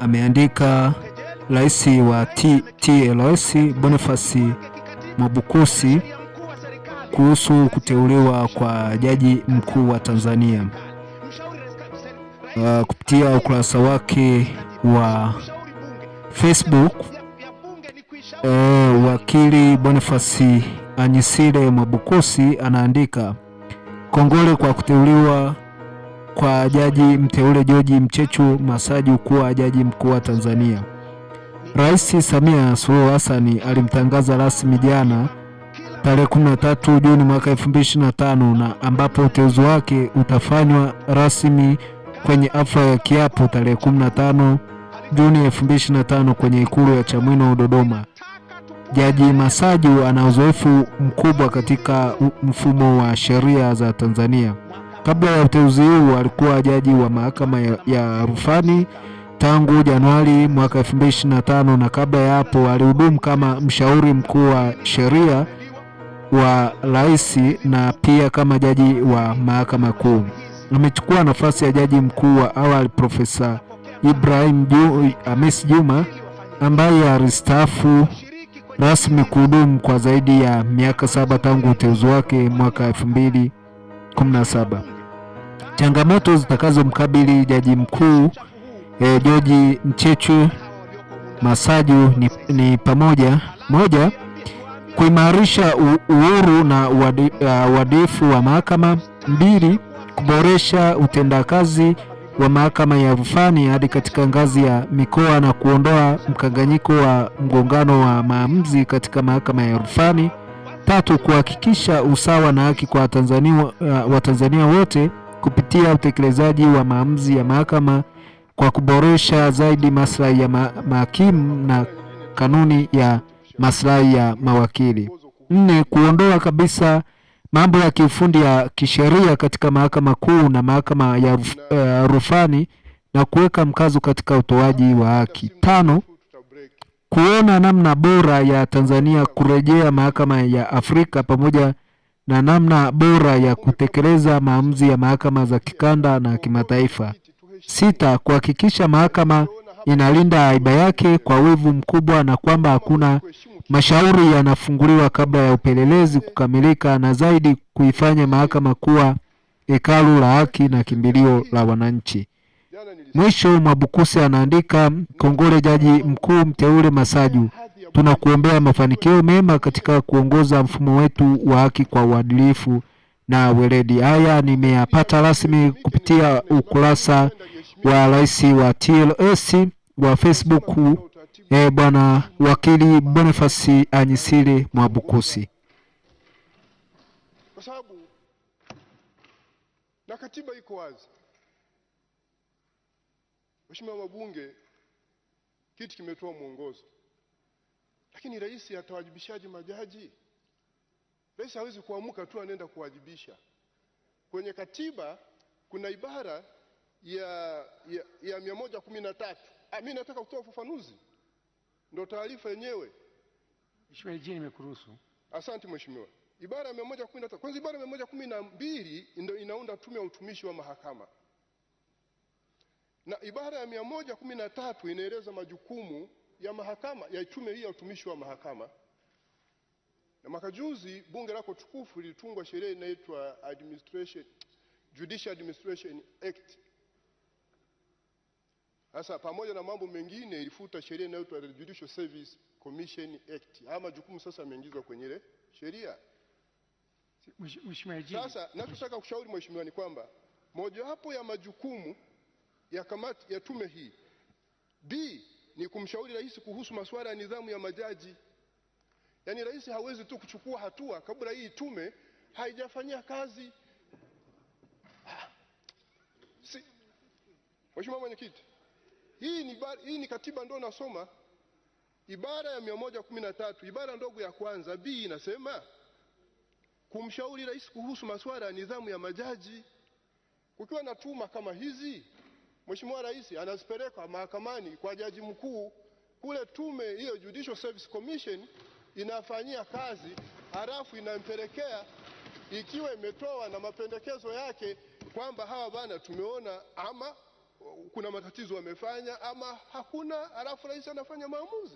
ameandika rais wa TLS Boniface Mwabukusi kuhusu kuteuliwa kwa jaji mkuu wa Tanzania. Uh, kupitia ukurasa wake wa Facebook uh, wakili Boniface Anyisile Mwabukusi anaandika kongole kwa kuteuliwa kwa Jaji mteule George Mchechu Masaju kuwa jaji mkuu wa Tanzania. Rais Samia Suluhu Hassan alimtangaza rasmi jana tarehe 13 Juni mwaka 2025 na ambapo uteuzi wake utafanywa rasmi kwenye afra ya kiapo tarehe 15 Juni 2025 kwenye ikulu ya Chamwino Dodoma. Jaji Masaju ana uzoefu mkubwa katika mfumo wa sheria za Tanzania. Kabla ya uteuzi huu alikuwa jaji wa mahakama ya, ya rufani tangu Januari mwaka 2025 na kabla ya hapo alihudumu kama mshauri mkuu wa sheria wa rais na pia kama jaji wa mahakama kuu. Amechukua nafasi ya jaji mkuu wa awali Profesa Ibrahim Hamis Juma ambaye alistaafu rasmi kuhudumu kwa zaidi ya miaka saba tangu uteuzi wake mwaka elfu mbili 17. Changamoto zitakazomkabili jaji mkuu eh, George Mchechu Masaju ni, ni pamoja: moja, kuimarisha uhuru na uadilifu e, wa mahakama; mbili, kuboresha utendakazi wa mahakama ya rufani hadi katika ngazi ya mikoa na kuondoa mkanganyiko wa mgongano wa maamuzi katika mahakama ya rufani mapato kuhakikisha usawa na haki kwa Watanzania uh, Watanzania wote kupitia utekelezaji wa maamuzi ya mahakama kwa kuboresha zaidi maslahi ya ma mahakimu na kanuni ya maslahi ya mawakili. Nne, kuondoa kabisa mambo ya kiufundi ya kisheria katika mahakama kuu na mahakama ya uh, rufani na kuweka mkazo katika utoaji wa haki. Tano, kuona namna bora ya Tanzania kurejea mahakama ya Afrika pamoja na namna bora ya kutekeleza maamuzi ya mahakama za kikanda na kimataifa. Sita, kuhakikisha mahakama inalinda haiba yake kwa wivu mkubwa na kwamba hakuna mashauri yanafunguliwa kabla ya upelelezi kukamilika, na zaidi kuifanya mahakama kuwa hekalu la haki na kimbilio la wananchi. Mwisho Mwabukusi anaandika, kongole jaji mkuu mteule Masaju, tunakuombea mafanikio mema katika kuongoza mfumo wetu wa haki kwa uadilifu na weledi. Haya nimeyapata rasmi kupitia ukurasa wa rais wa TLS wa Facebook, eh, bwana wakili bonifasi Anyisile Mwabukusi. Kwa sababu na katiba iko wazi Mheshimiwa wabunge, kiti kimetoa mwongozo, lakini rais atawajibishaje majaji? Rais hawezi kuamka tu anaenda kuwajibisha. Kwenye katiba kuna ibara ya, ya, ya mia moja kumi na tatu. Ah, nataka kutoa ufafanuzi, ndo taarifa yenyewe. Mheshimiwa Lijeni, nimekuruhusu. Asante mheshimiwa. Ibara ya mia moja kumi na tatu kwanza, ibara ya mia moja kumi na mbili ndo inaunda tume ya utumishi wa mahakama na ibara ya mia moja kumi na tatu inaeleza majukumu ya mahakama ya tume hii ya utumishi wa mahakama. Na mwaka juzi bunge lako tukufu lilitungwa sheria inaitwa Administration, Judicial Administration Act. Sasa pamoja na mambo mengine ilifuta sheria inaitwa Judicial Service Commission Act. Haya majukumu sasa yameingizwa kwenye ile sheria. Sasa nachotaka kushauri mheshimiwa ni kwamba mojawapo ya majukumu ya kamati ya tume hii b ni kumshauri rais kuhusu masuala ya nidhamu ya majaji yaani rais hawezi tu kuchukua hatua kabla hii tume haijafanyia kazi si mheshimiwa mwenyekiti hii ni, hii ni katiba ndo nasoma ibara ya 113 ibara ndogo ya kwanza b inasema kumshauri rais kuhusu masuala ya nidhamu ya majaji kukiwa na tuma kama hizi Mheshimiwa Rais anazipeleka mahakamani kwa jaji mkuu kule, tume hiyo Judicial Service Commission inafanyia kazi, halafu inampelekea ikiwa imetoa na mapendekezo yake kwamba hawa bana, tumeona ama kuna matatizo wamefanya ama hakuna, halafu rais anafanya maamuzi.